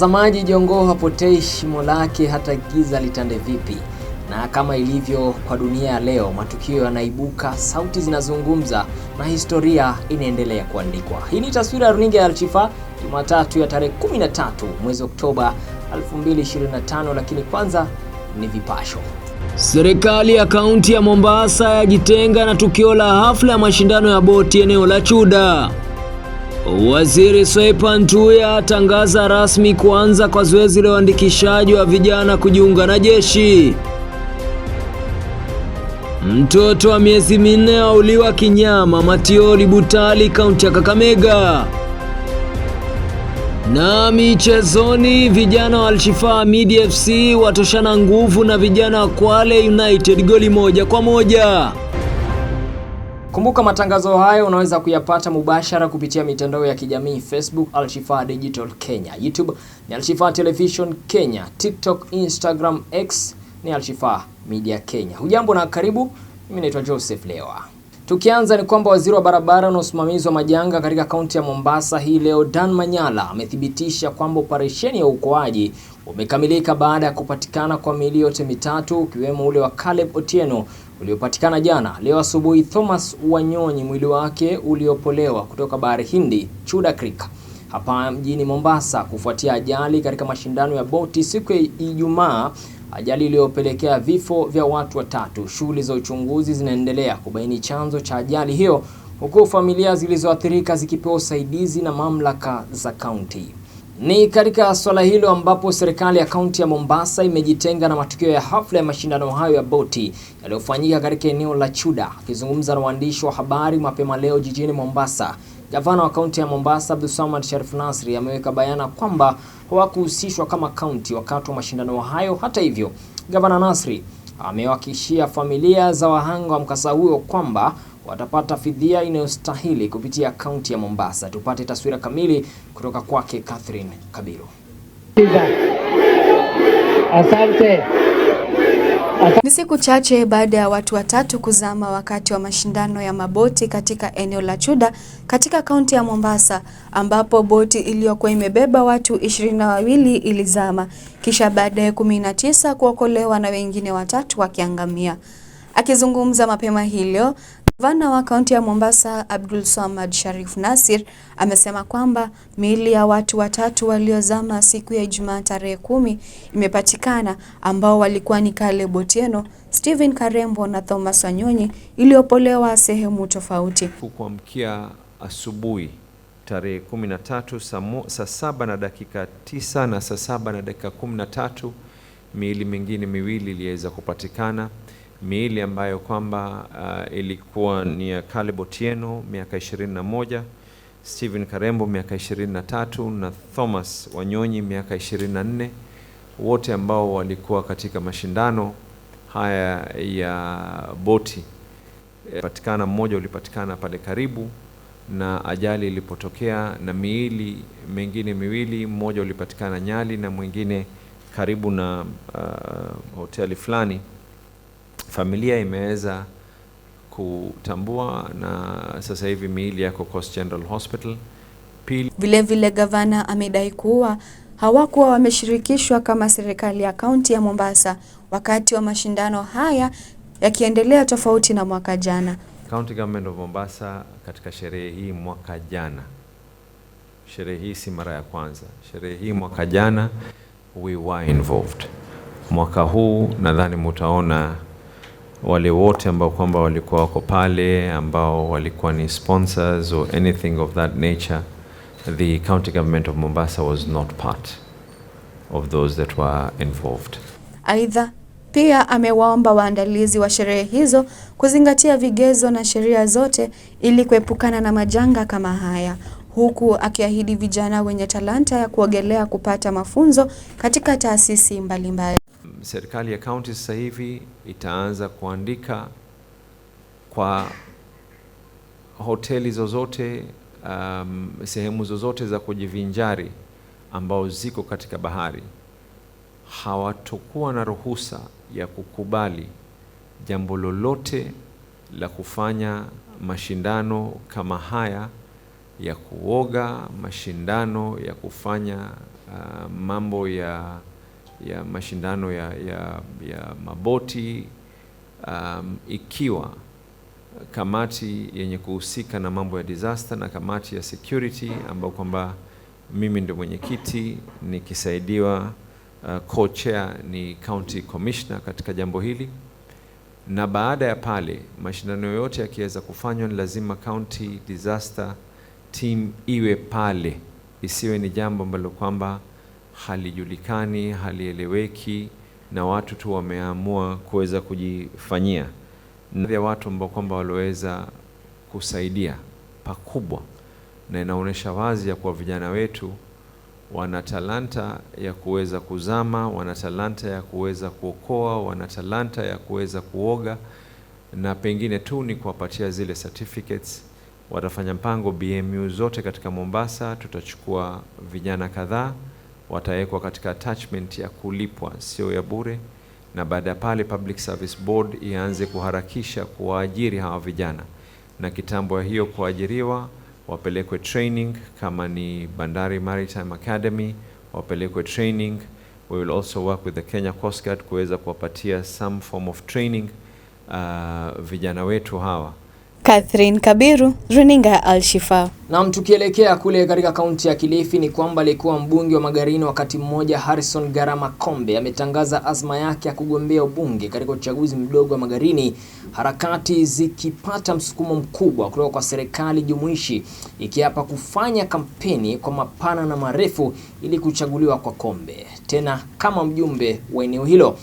Mtazamaji, jongoo hapotei shimo lake hata giza litande vipi. Na kama ilivyo kwa dunia ya leo, matukio yanaibuka, sauti zinazungumza na historia inaendelea kuandikwa. Hii ni taswira ya runinga ya Alshifa, Jumatatu ya tarehe 13 mwezi Oktoba 2025, lakini kwanza ni vipasho. Serikali ya kaunti ya Mombasa yajitenga na tukio la hafla ya mashindano ya boti eneo la Chuda. Waziri Swaipan Tuya atangaza rasmi kuanza kwa zoezi la uandikishaji wa vijana kujiunga na jeshi. Mtoto wa miezi minne auliwa kinyama Matioli Butali, kaunti ya Kakamega. Na michezoni, vijana wa Alshifa Midi FC watoshana nguvu na vijana wa Kwale United goli moja kwa moja. Kumbuka matangazo hayo unaweza kuyapata mubashara kupitia mitandao ya kijamii Facebook Alshifa Digital Kenya, YouTube ni Alshifa Television Kenya, TikTok, Instagram, X ni Alshifa Media Kenya. Hujambo na karibu, mimi naitwa Joseph Lewa. Tukianza ni kwamba waziri wa barabara na usimamizi wa majanga katika kaunti ya Mombasa hii leo Dan Manyala amethibitisha kwamba operesheni ya uokoaji umekamilika baada ya kupatikana kwa miili yote mitatu ukiwemo ule wa Caleb Otieno uliopatikana jana. Leo asubuhi, Thomas Wanyonyi mwili wake uliopolewa kutoka Bahari Hindi Chuda Creek hapa mjini Mombasa kufuatia ajali katika mashindano ya boti siku ya Ijumaa, ajali iliyopelekea vifo vya watu watatu. Shughuli za uchunguzi zinaendelea kubaini chanzo cha ajali hiyo, huku familia zilizoathirika zikipewa usaidizi na mamlaka za kaunti. Ni katika swala hilo ambapo serikali ya kaunti ya Mombasa imejitenga na matukio ya hafla ya mashindano hayo ya boti yaliyofanyika katika eneo la Chuda. Akizungumza na waandishi wa habari mapema leo jijini Mombasa, gavana wa kaunti ya Mombasa Abdulsamad Sharif Nasri ameweka bayana kwamba hawakuhusishwa kama kaunti wakati wa mashindano hayo. Hata hivyo, gavana Nasri amewahakikishia familia za wahanga wa mkasa huo kwamba watapata fidia inayostahili kupitia kaunti ya Mombasa. Tupate taswira kamili kutoka kwake Catherine Kabiru. Asante. Ni siku chache baada ya watu watatu kuzama wakati wa mashindano ya maboti katika eneo la Chuda katika kaunti ya Mombasa ambapo boti iliyokuwa imebeba watu ishirini na wawili ilizama kisha baadaye kumi na tisa kuokolewa na wengine watatu wakiangamia. Akizungumza mapema hii leo, Gavana wa kaunti ya Mombasa Abdul samad Sharif nasir amesema kwamba miili ya watu watatu waliozama siku ya Ijumaa tarehe kumi imepatikana ambao walikuwa ni Caleb Otieno, Stephen Karembo na Thomas Wanyonyi iliyopolewa sehemu tofauti. Kuamkia asubuhi tarehe tatu saa saba na dakika tisa na saa saba na dakika tatu miili mingine miwili iliweza kupatikana miili ambayo kwamba uh, ilikuwa ni ya Caleb Otieno miaka 21, Stephen Karembo miaka 23 na Thomas Wanyonyi miaka 24, wote ambao walikuwa katika mashindano haya ya boti. Patikana mmoja ulipatikana pale karibu na ajali ilipotokea, na miili mingine miwili, mmoja ulipatikana Nyali na mwingine karibu na uh, hoteli fulani familia imeweza kutambua na sasa hivi miili yako Coast General Hospital. Pili, vilevile gavana amedai kuwa hawakuwa wameshirikishwa kama serikali ya kaunti ya Mombasa wakati wa mashindano haya yakiendelea tofauti na mwaka jana. County Government of Mombasa katika sherehe hii mwaka jana, sherehe hii si mara ya kwanza, sherehe hii mwaka jana we were involved. Mwaka huu nadhani mutaona wale wote ambao kwamba walikuwa wako pale ambao walikuwa ni sponsors or anything of that nature the county government of Mombasa was not part of those that were involved. Aidha, pia amewaomba waandalizi wa sherehe hizo kuzingatia vigezo na sheria zote ili kuepukana na majanga kama haya, huku akiahidi vijana wenye talanta ya kuogelea kupata mafunzo katika taasisi mbalimbali mbali serikali ya kaunti sasa hivi itaanza kuandika kwa hoteli zozote um, sehemu zozote za kujivinjari ambao ziko katika bahari hawatokuwa na ruhusa ya kukubali jambo lolote la kufanya mashindano kama haya ya kuoga, mashindano ya kufanya uh, mambo ya ya mashindano ya, ya, ya maboti um, ikiwa kamati yenye kuhusika na mambo ya disaster na kamati ya security ambayo kwamba mimi ndio mwenyekiti nikisaidiwa, uh, co-chair ni county commissioner katika jambo hili. Na baada ya pale mashindano yote yakiweza kufanywa, ni lazima county disaster team iwe pale, isiwe ni jambo ambalo kwamba halijulikani, halieleweki na watu tu wameamua kuweza kujifanyia, na ya watu ambao kwamba waliweza kusaidia pakubwa, na inaonyesha wazi ya kuwa vijana wetu wana talanta ya kuweza kuzama, wana talanta ya kuweza kuokoa, wana talanta ya kuweza kuoga, na pengine tu ni kuwapatia zile certificates. Watafanya mpango BMU zote katika Mombasa, tutachukua vijana kadhaa watawekwa katika attachment ya kulipwa, sio ya bure, na baada ya pale Public Service Board ianze kuharakisha kuwaajiri hawa vijana, na kitambo hiyo kuajiriwa wapelekwe training, kama ni Bandari Maritime Academy wapelekwe training. We will also work with the Kenya Coast Guard kuweza kuwapatia some form of training uh, vijana wetu hawa Catherine Kabiru, runinga ya Alshifa. Nam, tukielekea kule katika kaunti ya Kilifi ni kwamba alikuwa mbunge wa Magarini wakati mmoja Harrison Garama Kombe ametangaza azma yake ya kugombea ubunge katika uchaguzi mdogo wa Magarini, harakati zikipata msukumo mkubwa kutoka kwa serikali jumuishi ikiapa kufanya kampeni kwa mapana na marefu ili kuchaguliwa kwa Kombe tena kama mjumbe wa eneo hilo.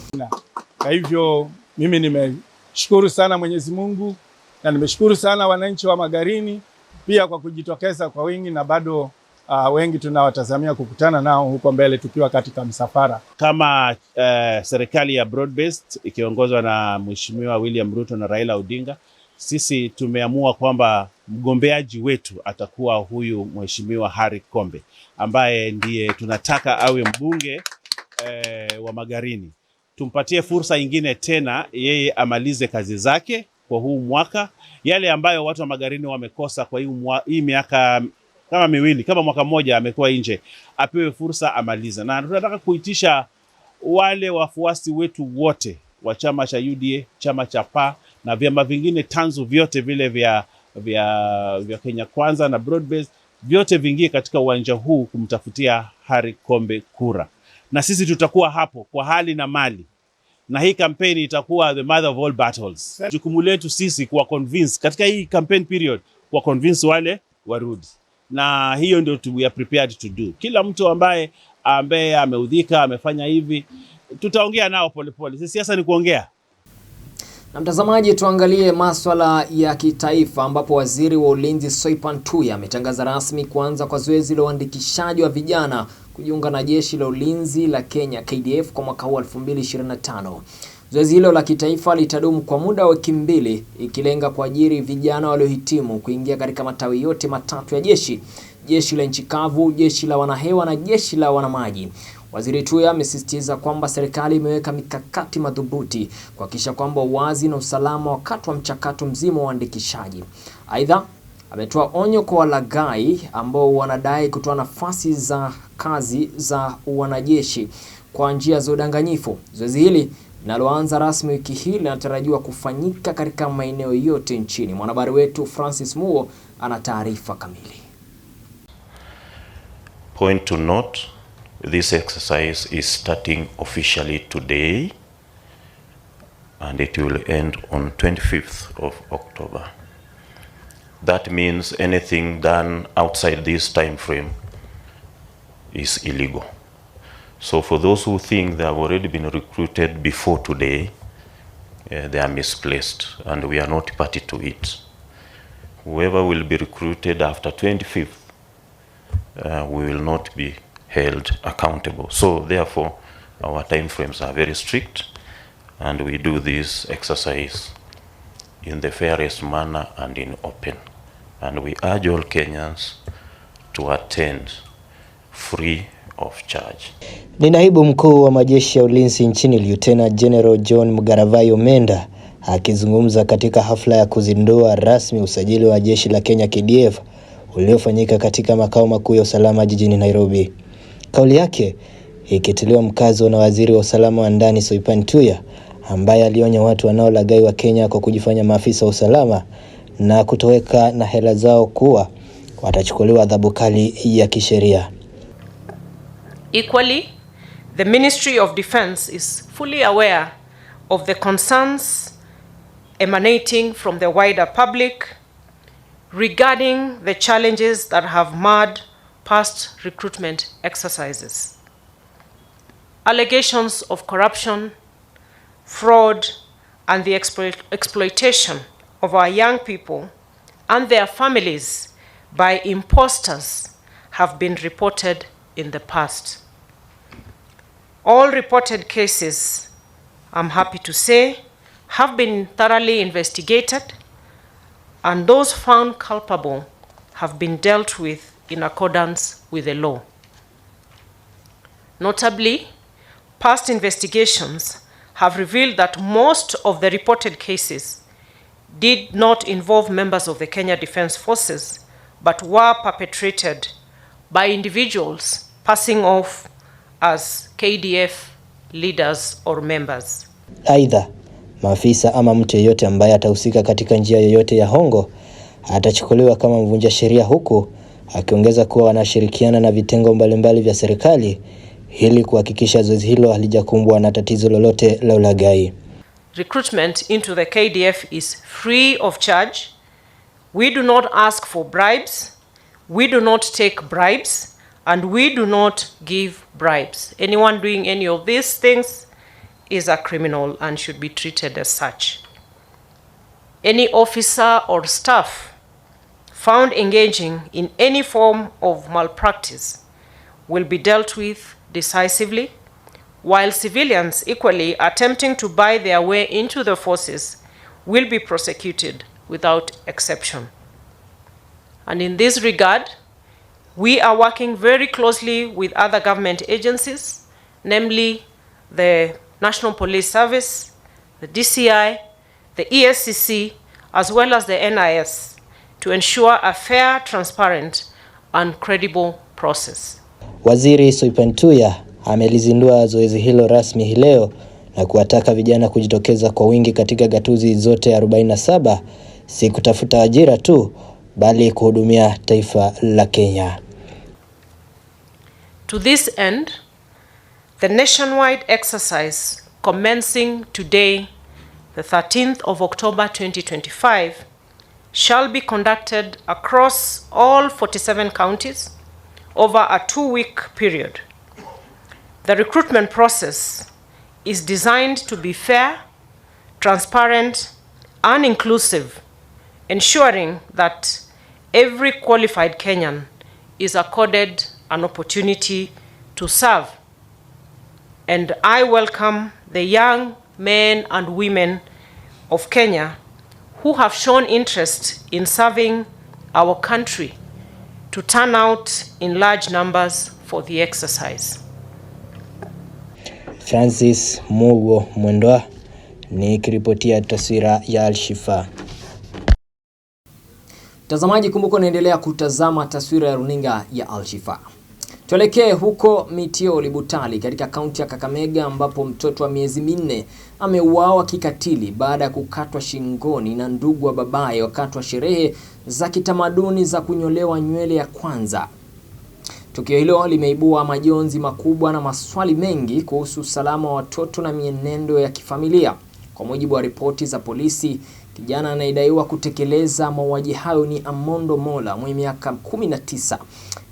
Kwa hivyo mimi nimeshukuru sana Mwenyezi Mungu na nimeshukuru sana wananchi wa Magarini pia kwa kujitokeza kwa wingi na bado uh, wengi tunawatazamia kukutana nao huko mbele tukiwa katika msafara kama uh, serikali ya broad based ikiongozwa na Mheshimiwa William Ruto na Raila Odinga. Sisi tumeamua kwamba mgombeaji wetu atakuwa huyu Mheshimiwa Harry Kombe ambaye ndiye tunataka awe mbunge eh, wa Magarini. Tumpatie fursa ingine tena, yeye amalize kazi zake kwa huu mwaka, yale ambayo watu wa Magarini wamekosa kwa hii, mwa, hii miaka kama miwili kama mwaka mmoja amekuwa nje, apewe fursa amaliza. Na tunataka kuitisha wale wafuasi wetu wote wa chama cha UDA, chama cha PA na vyama vingine tanzu vyote vile vya, vya, vya Kenya Kwanza na Broadbase vyote vingie katika uwanja huu kumtafutia Harry Kombe kura, na sisi tutakuwa hapo kwa hali na mali na hii kampeni itakuwa the mother of all battles. Jukumu letu sisi kuwa convince katika hii campaign period, kuwa convince wale warudi, na hiyo ndio we are prepared to do. Kila mtu ambaye ambaye ameudhika amefanya hivi, tutaongea nao polepole. Sisi siasa ni kuongea na mtazamaji. Tuangalie maswala ya kitaifa, ambapo waziri wa ulinzi Soipan Tuya ametangaza rasmi kuanza kwa zoezi la uandikishaji wa vijana kujiunga na jeshi la ulinzi la Kenya KDF kwa mwaka huu 2025. Zoezi hilo la kitaifa litadumu kwa muda wa wiki mbili, ikilenga kuajiri vijana waliohitimu kuingia katika matawi yote matatu ya jeshi: jeshi la nchi kavu, jeshi la wanahewa na jeshi la wanamaji. Waziri Tuya amesisitiza kwamba serikali imeweka mikakati madhubuti kuhakikisha kwamba uwazi na usalama wakati wa mchakato mzima wa uandikishaji. Aidha, ametoa onyo kwa walaghai ambao wanadai kutoa nafasi za kazi za wanajeshi kwa njia za udanganyifu. Zoezi hili linaloanza rasmi wiki hii linatarajiwa kufanyika katika maeneo yote nchini. Mwanahabari wetu Francis Muo ana taarifa kamili. Point to note, this exercise is starting officially today and it will end on 25th of October. That means anything done outside this time frame is illegal. So for those who think they have already been recruited before today, uh, they are misplaced and we are not party to it. Whoever will be recruited after 25th, uh, eh, we will not be held accountable. So therefore, our time frames are very strict and we do this exercise in the fairest manner and in open. And we urge all Kenyans to attend free of charge. Ni naibu mkuu wa majeshi ya ulinzi nchini Lieutenant General John Mgaravai Omenda akizungumza katika hafla ya kuzindua rasmi usajili wa jeshi la Kenya KDF uliofanyika katika makao makuu ya usalama jijini Nairobi. Kauli yake ikitiliwa mkazo na waziri wa usalama wa ndani Soipan Tuya ambaye alionya watu wanaolagai wa Kenya kwa kujifanya maafisa wa usalama na kutoweka na hela zao kuwa watachukuliwa adhabu kali ya kisheria. Equally, the Ministry of Defense is fully aware of the concerns emanating from the wider public regarding the challenges that have marred past recruitment exercises. Allegations of corruption fraud, and the exploit exploitation of our young people and their families by impostors have been reported in the past. All reported cases, I'm happy to say, have been thoroughly investigated and those found culpable have been dealt with in accordance with the law. Notably, past investigations have revealed that most of the reported cases did not involve members of the Kenya Defense Forces but were perpetrated by individuals passing off as KDF leaders or members. Aidha, maafisa ama mtu yeyote ambaye atahusika katika njia yoyote ya hongo atachukuliwa kama mvunja sheria, huku akiongeza kuwa wanashirikiana na vitengo mbalimbali mbali vya serikali ili kuhakikisha zoezi hilo halijakumbwa na tatizo lolote la ulaghai. Recruitment into the KDF is free of charge. We do not ask for bribes. We do not take bribes and we do not give bribes. Anyone doing any of these things is a criminal and should be treated as such. Any officer or staff found engaging in any form of malpractice will be dealt with decisively, while civilians equally attempting to buy their way into the forces will be prosecuted without exception. And in this regard, we are working very closely with other government agencies, namely the National Police Service, the DCI, the ESCC, as well as the NIS, to ensure a fair, transparent, and credible process. Waziri Soipantuya amelizindua zoezi hilo rasmi hii leo na kuwataka vijana kujitokeza kwa wingi katika gatuzi zote 47 si kutafuta ajira tu bali kuhudumia taifa la Kenya. To this end, the nationwide exercise commencing today, the 13th of October 2025, shall be conducted across all 47 counties over a two week period. The recruitment process is designed to be fair, transparent, and inclusive, ensuring that every qualified Kenyan is accorded an opportunity to serve. And I welcome the young men and women of Kenya who have shown interest in serving our country. to turn out in large numbers for the exercise. Francis Mugo Mwendwa kiripotia taswira ya Alshifa. Mtazamaji, kumbuka unaendelea kutazama taswira ya runinga ya Alshifa. Tuelekee huko Mitioli Butali katika kaunti ya Kakamega ambapo mtoto wa miezi minne ameuawa kikatili baada ya kukatwa shingoni na ndugu wa babaye wakati wa sherehe za kitamaduni za kunyolewa nywele ya kwanza. Tukio hilo limeibua majonzi makubwa na maswali mengi kuhusu usalama wa watoto na mienendo ya kifamilia. Kwa mujibu wa ripoti za polisi, kijana anayedaiwa kutekeleza mauaji hayo ni Amondo Mola mwenye miaka 19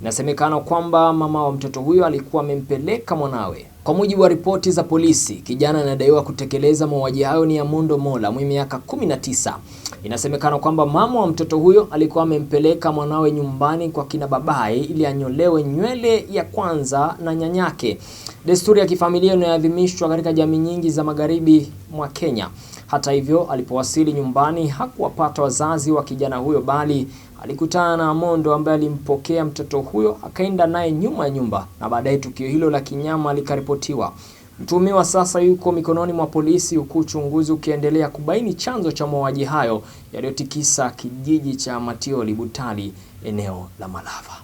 Inasemekana kwamba mama wa mtoto huyo alikuwa amempeleka mwanawe. Kwa mujibu wa ripoti za polisi, kijana anadaiwa kutekeleza mauaji hayo ni Amondo Mola mwenye miaka 19. Inasemekana kwamba mama wa mtoto huyo alikuwa amempeleka mwanawe nyumbani kwa kina babaye ili anyolewe nywele ya kwanza na nyanyake, desturi ya kifamilia inayoadhimishwa katika jamii nyingi za magharibi mwa Kenya. Hata hivyo, alipowasili nyumbani hakuwapata wazazi wa kijana huyo, bali alikutana na Amondo ambaye alimpokea mtoto huyo akaenda naye nyuma ya nyumba, na baadaye tukio hilo la kinyama likaripotiwa. Mtuhumiwa sasa yuko mikononi mwa polisi huku uchunguzi ukiendelea kubaini chanzo cha mauaji hayo yaliyotikisa kijiji cha Matioli Butali eneo la Malava.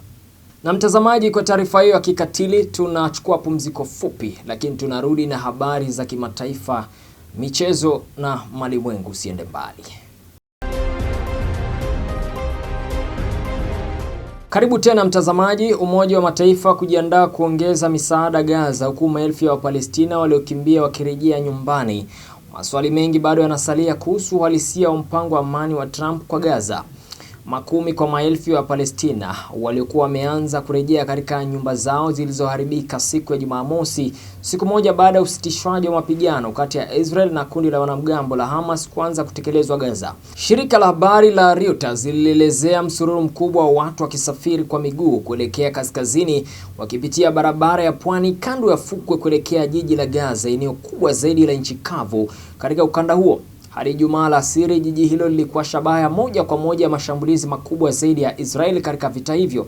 Na mtazamaji, kwa taarifa hiyo ya kikatili tunachukua pumziko fupi, lakini tunarudi na habari za kimataifa michezo na malimwengu. Usiende mbali. Karibu tena mtazamaji. Umoja wa Mataifa kujiandaa kuongeza misaada Gaza, huku maelfu ya Wapalestina waliokimbia wakirejea nyumbani. Maswali mengi bado yanasalia kuhusu uhalisia wa mpango wa amani wa Trump kwa Gaza. Makumi kwa maelfu ya Palestina waliokuwa wameanza kurejea katika nyumba zao zilizoharibika siku ya Jumamosi, siku moja baada ya usitishwaji wa mapigano kati ya Israel na kundi la wanamgambo la Hamas kuanza kutekelezwa Gaza. Shirika la habari la Reuters lilielezea msururu mkubwa wa watu wakisafiri kwa miguu kuelekea kaskazini, wakipitia barabara ya pwani kando ya fukwe kuelekea jiji la Gaza, eneo kubwa zaidi la nchi kavu katika ukanda huo. Hadi Ijumaa alasiri, jiji hilo lilikuwa shabaha moja kwa moja ya mashambulizi makubwa zaidi ya israel katika vita hivyo.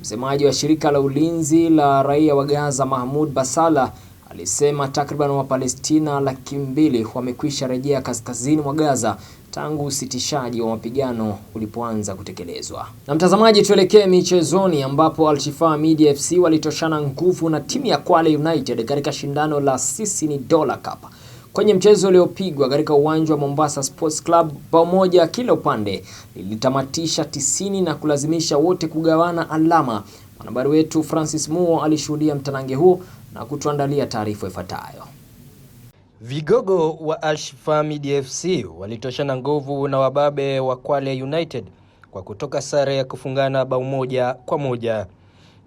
Msemaji wa shirika la ulinzi la raia wa Gaza, Mahmud Basala, alisema takriban Wapalestina laki mbili wamekwisha rejea kaskazini mwa Gaza tangu usitishaji wa mapigano ulipoanza kutekelezwa. Na mtazamaji, tuelekee michezoni ambapo Alshifa Media FC walitoshana nguvu na timu ya Kwale United katika shindano la Sisi ni Dola Cup kwenye mchezo uliopigwa katika uwanja wa Mombasa Sports Club, bao moja kila upande lilitamatisha tisini na kulazimisha wote kugawana alama. Mwanahabari wetu Francis Muo alishuhudia mtanange huo na kutuandalia taarifa ifuatayo. Vigogo wa Media FC walitoshana nguvu na wababe wa Kwale United kwa kutoka sare ya kufungana bao moja kwa moja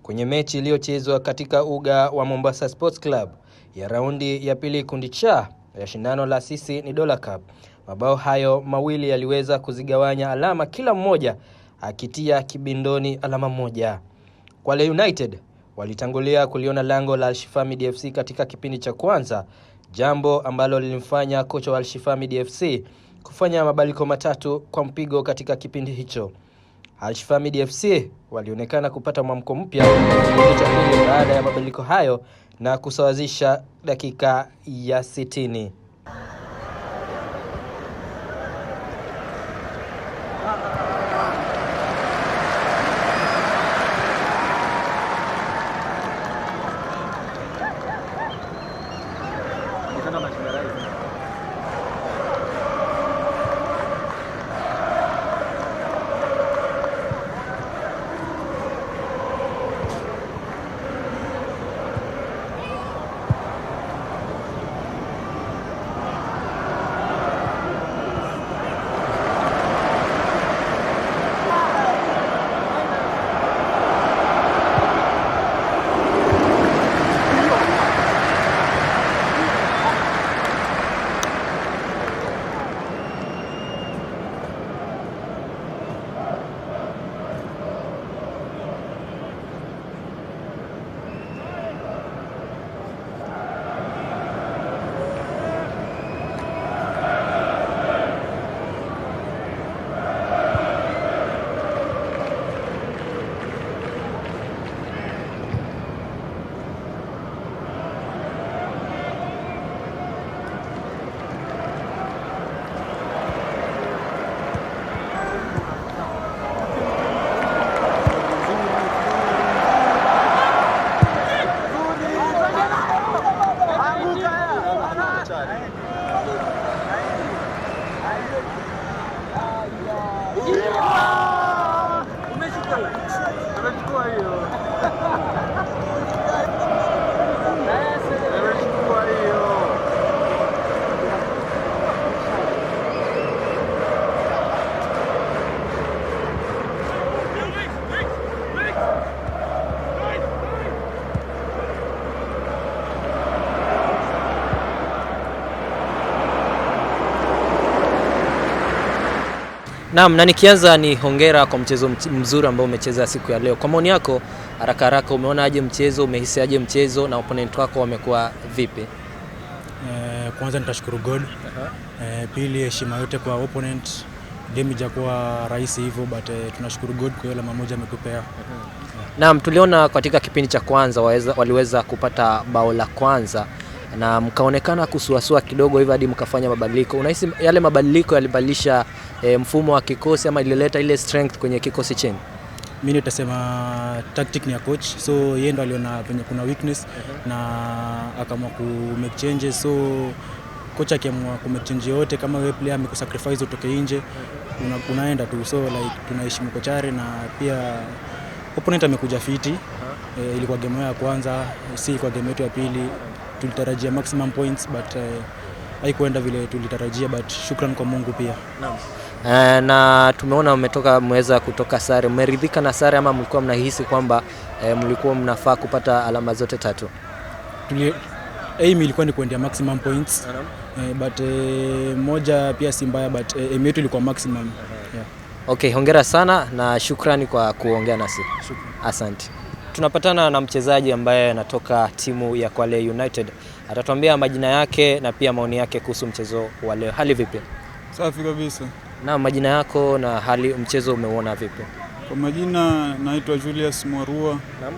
kwenye mechi iliyochezwa katika uga wa Mombasa Sports Club ya raundi ya pili kundi cha ya shindano la sisi ni Dola Cup. Mabao hayo mawili yaliweza kuzigawanya alama, kila mmoja akitia kibindoni alama moja. Kwale United walitangulia kuliona lango la alshifami dfc katika kipindi cha kwanza, jambo ambalo lilimfanya kocha wa alshifami dfc kufanya mabadiliko matatu kwa mpigo katika kipindi hicho. alshifami dfc walionekana kupata mwamko mpya kipindi cha pili baada ya mabadiliko hayo na kusawazisha dakika ya sitini. Naam, na nikianza ni hongera kwa mchezo mzuri ambao umecheza siku ya leo. Kwa maoni yako haraka haraka, umeona aje mchezo, umehisi aje mchezo na opponent wako wamekuwa vipi? Eh, kwanza nitashukuru God. Uh -huh. Eh, pili heshima yote kwa opponent. ya kuwa rahisi hivyo but eh, tunashukuru God kwa yule mamoja amekupea. Uh -huh. Naam, tuliona katika kipindi cha kwanza waweza, waliweza kupata bao la kwanza na mkaonekana kusuasua kidogo hivyo hadi mkafanya mabadiliko. Unahisi yale mabadiliko yalibadilisha e, mfumo wa kikosi ama ilileta ile strength kwenye kikosi chenu? Mi nitasema tactic ni ya coach, so yeye ndo aliona penye kuna weakness uh mhm. -huh. na akaamua ku make changes, so coach akiamua ku make change yote, kama wewe player amekusacrifice utoke nje, una, unaenda tu, so like tunaheshimu kochare na pia opponent amekuja fiti uh -huh. E, ilikuwa game ya kwanza, si kwa game yetu ya pili tulitarajia maximum points but uh, haikuenda vile tulitarajia but shukran kwa Mungu pia. Naam. E, na tumeona umetoka mweza kutoka sare, mmeridhika na sare ama mlikuwa mnahisi kwamba e, mlikuwa mnafaa kupata alama zote tatu? Tuli, aim ilikuwa ni kuendea maximum points e, but e, moja pia si mbaya but e, aim yetu ilikuwa maximum. Yeah. Okay, hongera sana na shukrani kwa kuongea nasi. Asante tunapatana na mchezaji ambaye anatoka timu ya Kwale United. Atatuambia majina yake na pia maoni yake kuhusu mchezo wa leo. Hali vipi? Safi kabisa. Na majina yako na hali mchezo umeuona vipi? Kwa majina naitwa Julius Mwarua. Naam.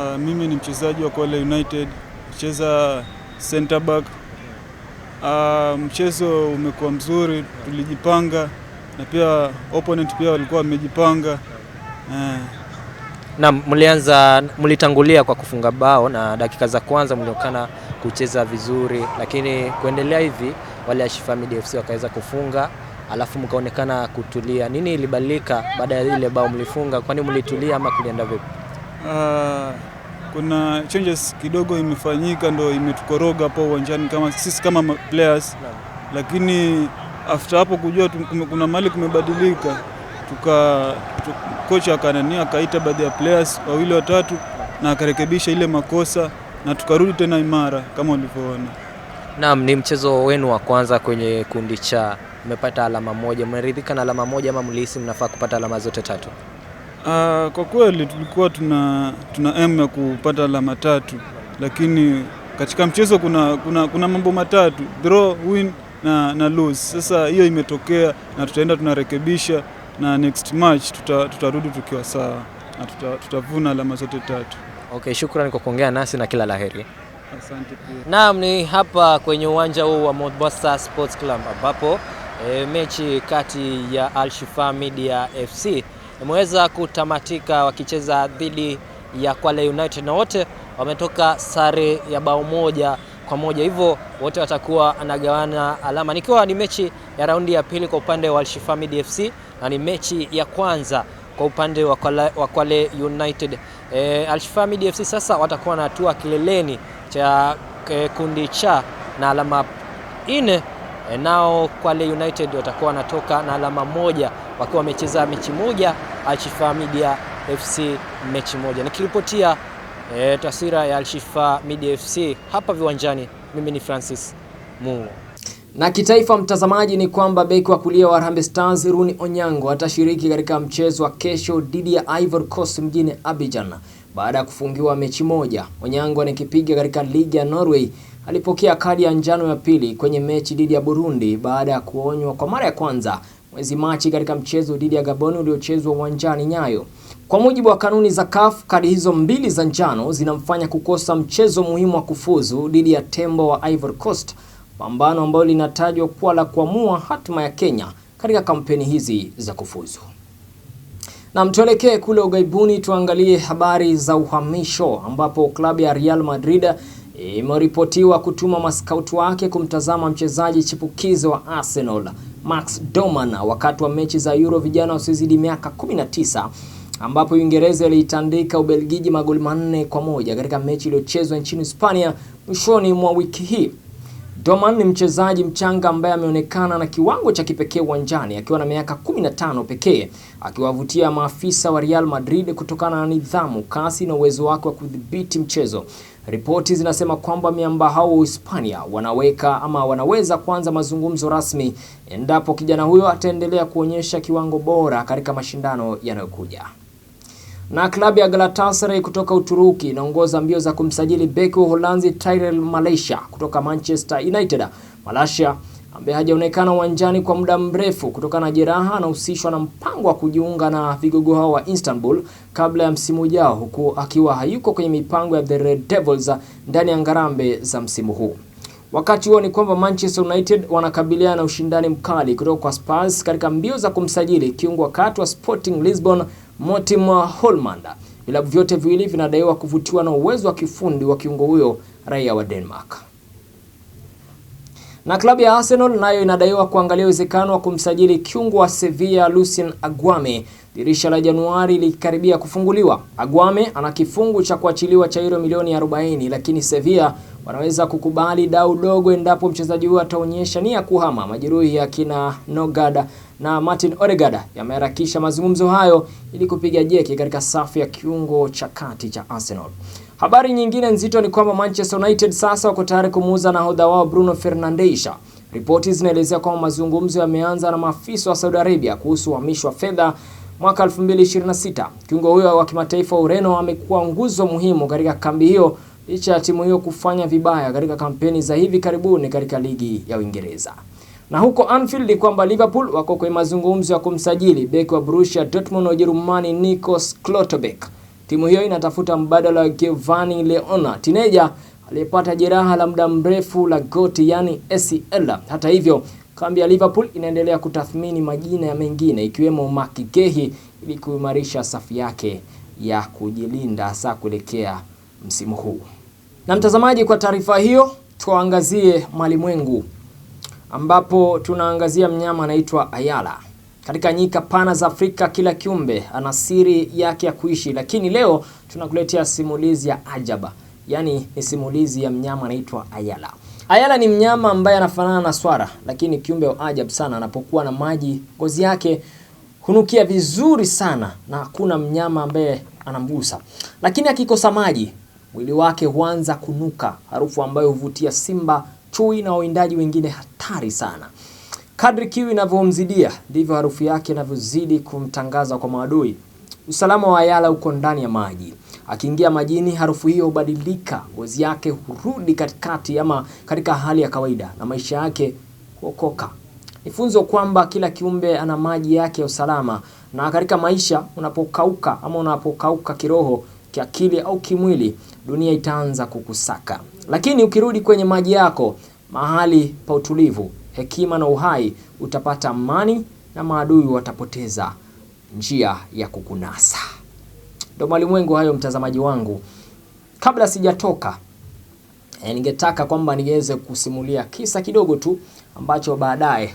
Uh, mimi ni mchezaji wa Kwale United, cheza center back. Uh, mchezo umekuwa mzuri, tulijipanga na pia opponent pia walikuwa wamejipanga. Uh, na mlianza mlitangulia kwa kufunga bao na dakika za kwanza mlionekana kucheza vizuri, lakini kuendelea hivi wale Ashifa Family FC wakaweza kufunga alafu mkaonekana kutulia. Nini ilibadilika baada ya ile bao mlifunga? Kwani mlitulia ama kulienda vipi? Uh, kuna changes kidogo imefanyika, ndo imetukoroga hapo uwanjani kama sisi kama players no. Lakini after hapo kujua kuna mali kumebadilika tuka kocha akanani akaita baadhi ya players wawili watatu na akarekebisha ile makosa na tukarudi tena imara kama ulivyoona. Naam, ni mchezo wenu wa kwanza kwenye kundi cha, mmepata alama moja. Mmeridhika na alama moja ama mlihisi mnafaa kupata alama zote tatu? Aa, ah, kwa kweli tulikuwa tuna tuna m ya kupata alama tatu, lakini katika mchezo kuna, kuna, kuna mambo matatu draw, win na, na lose. Sasa hiyo imetokea na tutaenda tunarekebisha na next match tutarudi tuta tukiwa sawa na tutavuna tuta alama zote tatu. Okay, shukrani kwa kuongea nasi na kila laheri. Asante pia. Naam, ni hapa kwenye uwanja huu wa Mombasa Sports Club ambapo e, mechi kati ya Al Shifa Media FC imeweza kutamatika wakicheza dhidi ya Kwale United na wote wametoka sare ya bao moja kwa moja, hivyo wote watakuwa anagawana alama, nikiwa ni mechi ya raundi ya pili kwa upande wa Al Shifa Media FC na ni mechi ya kwanza kwa upande wa Kwale, wa Kwale United. E, Alshifa FC sasa watakuwa na hatua kileleni cha e, kundi cha na alama nne e, nao Kwale United watakuwa wanatoka na alama moja wakiwa wamecheza mechi moja, Alshifa Media FC mechi moja. Nikiripotia e, taswira ya Alshifa Media FC hapa viwanjani, mimi ni Francis Mungu. Na kitaifa, mtazamaji, ni kwamba beki wa kulia wa Harambee Stars Runi Onyango atashiriki katika mchezo wa kesho dhidi ya Ivory Coast mjini Abidjan baada ya kufungiwa mechi moja. Onyango anakipiga katika ligi ya Norway alipokea kadi ya njano ya pili kwenye mechi dhidi ya Burundi baada ya kuonywa kwa mara ya kwanza mwezi Machi katika mchezo dhidi ya Gabon uliochezwa uwanjani Nyayo. Kwa mujibu wa kanuni za CAF, kadi hizo mbili za njano zinamfanya kukosa mchezo muhimu wa kufuzu dhidi ya Tembo wa Ivory Coast pambano ambalo linatajwa kuwa la kuamua hatima ya Kenya katika kampeni hizi za kufuzu. Na tuelekee kule ugaibuni, tuangalie habari za uhamisho ambapo klabu ya Real Madrid imeripotiwa kutuma maskauti wake kumtazama mchezaji chipukizi wa Arsenal Max Domana wakati wa mechi za Euro vijana wasiozidi miaka 19 ambapo Uingereza iliitandika Ubelgiji magoli manne kwa moja katika mechi iliyochezwa nchini Hispania mwishoni mwa wiki hii doman ni mchezaji mchanga ambaye ameonekana na kiwango cha kipekee uwanjani akiwa na miaka 15 pekee, akiwavutia maafisa wa Real Madrid kutokana na nidhamu, kasi na uwezo wake wa kudhibiti mchezo. Ripoti zinasema kwamba miamba hao wa Hispania wanaweka ama wanaweza kuanza mazungumzo rasmi endapo kijana huyo ataendelea kuonyesha kiwango bora katika mashindano yanayokuja. Na klabu ya Galatasaray kutoka Uturuki inaongoza mbio za kumsajili beki wa Uholanzi Tyrell Malacia kutoka Manchester United. Malacia ambaye hajaonekana uwanjani kwa muda mrefu kutokana na jeraha, anahusishwa na mpango wa kujiunga na vigogo hao wa Istanbul kabla ya msimu ujao, huku akiwa hayuko kwenye mipango ya the Red Devils ndani ya ngarambe za msimu huu. Wakati huo ni kwamba Manchester United wanakabiliana na ushindani mkali kutoka kwa Spurs katika mbio za kumsajili kiungo kati wa Sporting Lisbon Mortimer Holmander. Vilabu vyote viwili vinadaiwa kuvutiwa na uwezo wa kifundi wa kiungo huyo raia wa Denmark. Na klabu ya Arsenal nayo inadaiwa kuangalia uwezekano wa kumsajili kiungo wa Sevilla Lucien Aguame. Dirisha la Januari likikaribia kufunguliwa, Aguame ana kifungu cha kuachiliwa cha euro milioni 40, lakini Sevilla wanaweza kukubali dau dogo endapo mchezaji huyo ataonyesha nia kuhama. Majeruhi ya kina Nogada na Martin Odegaard yameharakisha mazungumzo hayo ili kupiga jeki katika safu ya kiungo cha kati cha Arsenal. Habari nyingine nzito ni kwamba Manchester United sasa wako tayari kumuuza nahodha wao Bruno Fernandes. Ripoti zinaelezea kwamba mazungumzo yameanza na maafisa wa Saudi Arabia kuhusu uhamisho wa fedha mwaka 2026. Kiungo huyo wa kimataifa Ureno amekuwa nguzo muhimu katika kambi hiyo licha ya timu hiyo kufanya vibaya katika kampeni za hivi karibuni katika ligi ya Uingereza. Na huko Anfield ni kwamba Liverpool wako kwenye mazungumzo ya kumsajili beki wa Borussia Dortmund wa Ujerumani Nikos Klotterbeck. Timu hiyo inatafuta mbadala wa Giovanni Leona, tineja aliyepata jeraha la muda mrefu la goti, yani ACL. Hata hivyo, kambi ya Liverpool inaendelea kutathmini majina ya mengine ikiwemo Makigehi ili kuimarisha safu yake ya kujilinda hasa kuelekea msimu huu. Na mtazamaji, kwa taarifa hiyo tuangazie malimwengu ambapo tunaangazia mnyama anaitwa ayala. Katika nyika pana za Afrika kila kiumbe ana siri yake ya kuishi, lakini leo tunakuletea simulizi ya ajaba, yaani ni simulizi ya mnyama anaitwa ayala. Ayala ni mnyama ambaye anafanana na swara, lakini kiumbe wa ajabu sana. Anapokuwa na maji, ngozi yake hunukia vizuri sana, na hakuna mnyama ambaye anamgusa. Lakini akikosa maji, mwili wake huanza kunuka, harufu ambayo huvutia simba chui na wawindaji wengine hatari sana. Kadri kiu inavyomzidia ndivyo harufu yake inavyozidi kumtangaza kwa maadui. Usalama wa Ayala uko ndani ya maji. Akiingia majini, harufu hiyo hubadilika, ngozi yake hurudi katikati ama katika hali ya kawaida na maisha yake huokoka. Ni funzo kwamba kila kiumbe ana maji yake ya usalama, na katika maisha unapokauka ama unapokauka kiroho, kiakili au kimwili dunia itaanza kukusaka. Lakini ukirudi kwenye maji yako, mahali pa utulivu, hekima na uhai, utapata amani na maadui watapoteza njia ya kukunasa. Ndio Malimwengu hayo, mtazamaji wangu. Kabla sijatoka e, ningetaka kwamba niweze kusimulia kisa kidogo tu ambacho baadaye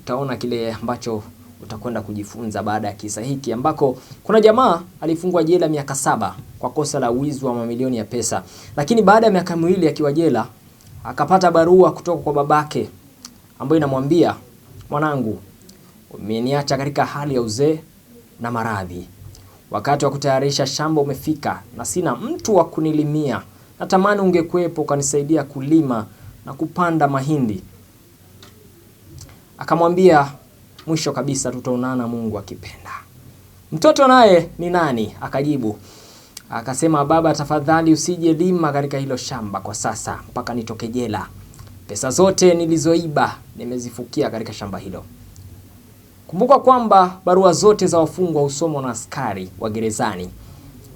utaona kile ambacho utakwenda kujifunza baada ya kisa hiki ambako kuna jamaa alifungwa jela miaka saba kwa kosa la wizi wa mamilioni ya pesa, lakini baada ya miaka miwili akiwa jela akapata barua kutoka kwa babake ambayo inamwambia mwanangu, umeniacha katika hali ya uzee na maradhi, wakati wa kutayarisha shamba umefika na sina mtu wa kunilimia. Natamani ungekuwepo ukanisaidia kulima na kupanda mahindi. Akamwambia mwisho kabisa tutaonana Mungu akipenda. Mtoto naye ni nani? Akajibu akasema, baba, tafadhali usije lima katika hilo shamba kwa sasa mpaka nitoke jela. Pesa zote nilizoiba nimezifukia katika shamba hilo. Kumbuka kwamba barua zote za wafungwa husomwa na askari wa gerezani.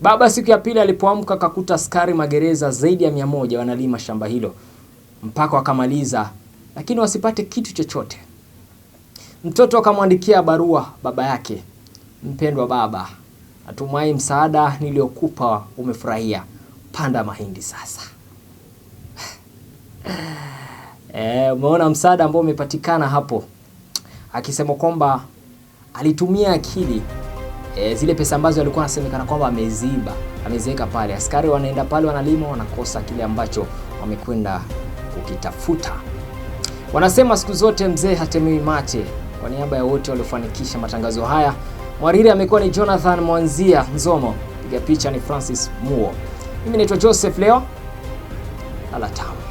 Baba siku ya pili alipoamka akakuta askari magereza zaidi ya mia moja wanalima shamba hilo mpaka wakamaliza, lakini wasipate kitu chochote. Mtoto akamwandikia barua baba yake, mpendwa baba, natumai msaada niliokupa umefurahia. Panda mahindi sasa. E, umeona msaada ambao umepatikana hapo, akisema kwamba alitumia akili e, zile pesa ambazo alikuwa anasemekana kwamba ameziba ameziweka pale. Askari wanaenda pale, wanalima, wanakosa kile ambacho wamekwenda kukitafuta. Wanasema siku zote mzee hatemei mate. Kwa niaba ya wote waliofanikisha matangazo haya, mwariri amekuwa ni Jonathan Mwanzia Nzomo, piga picha ni Francis Muo, mimi naitwa Joseph Leo. Ala